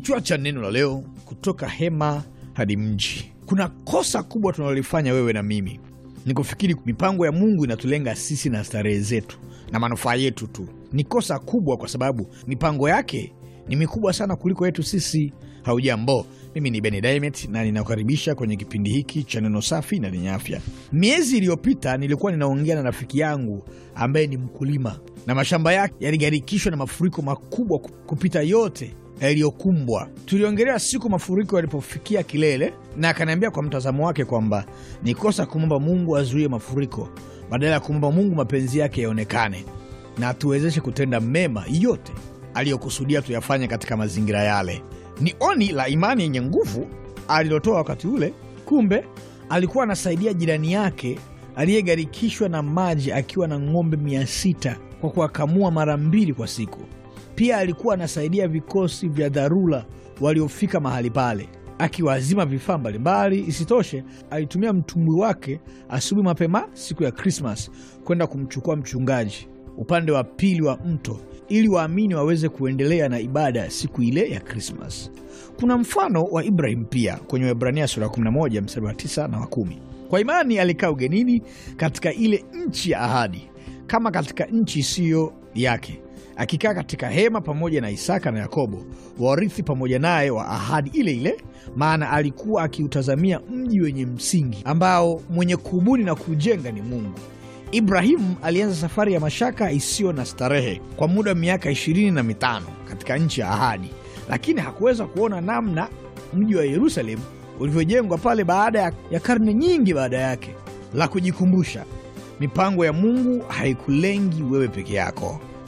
Kichwa cha neno la leo: kutoka hema hadi mji. Kuna kosa kubwa tunalolifanya wewe na mimi ni kufikiri mipango ya Mungu inatulenga sisi na starehe zetu na manufaa yetu tu. Ni kosa kubwa, kwa sababu mipango yake ni mikubwa sana kuliko yetu sisi. Haujambo, mimi ni Beni Dimet na ninakaribisha kwenye kipindi hiki cha neno safi na lenye afya. Miezi iliyopita nilikuwa ninaongea na rafiki yangu ambaye ni mkulima na mashamba yake yaligharikishwa na mafuriko makubwa kupita yote yaliyokumbwa. Tuliongelea siku mafuriko yalipofikia kilele, na akaniambia kwa mtazamo wake kwamba ni kosa kumwomba Mungu azuie mafuriko badala ya kumwomba Mungu mapenzi yake yaonekane na atuwezeshe kutenda mema yote aliyokusudia tuyafanye katika mazingira yale. Ni oni la imani yenye nguvu alilotoa wakati ule. Kumbe alikuwa anasaidia jirani yake aliyegharikishwa na maji akiwa na ng'ombe mia sita kwa kuwakamua mara mbili kwa siku. Pia alikuwa anasaidia vikosi vya dharura waliofika mahali pale akiwazima vifaa mbalimbali. Isitoshe, alitumia mtumbwi wake asubuhi mapema siku ya Krismas kwenda kumchukua mchungaji upande wa pili wa mto ili waamini waweze kuendelea na ibada siku ile ya Krismas. Kuna mfano wa Ibrahim pia kwenye Waebrania sura ya 11 mstari wa 9 na wa 10. Kwa imani alikaa ugenini katika ile nchi ya ahadi kama katika nchi isiyo yake akikaa katika hema pamoja na Isaka na Yakobo, warithi pamoja naye wa ahadi ile ile, maana alikuwa akiutazamia mji wenye msingi ambao mwenye kubuni na kujenga ni Mungu. Ibrahimu alianza safari ya mashaka isiyo na starehe kwa muda wa miaka ishirini na mitano katika nchi ya ahadi, lakini hakuweza kuona namna mji wa Yerusalemu ulivyojengwa pale baada ya karne nyingi baada yake. La kujikumbusha, mipango ya Mungu haikulengi wewe peke yako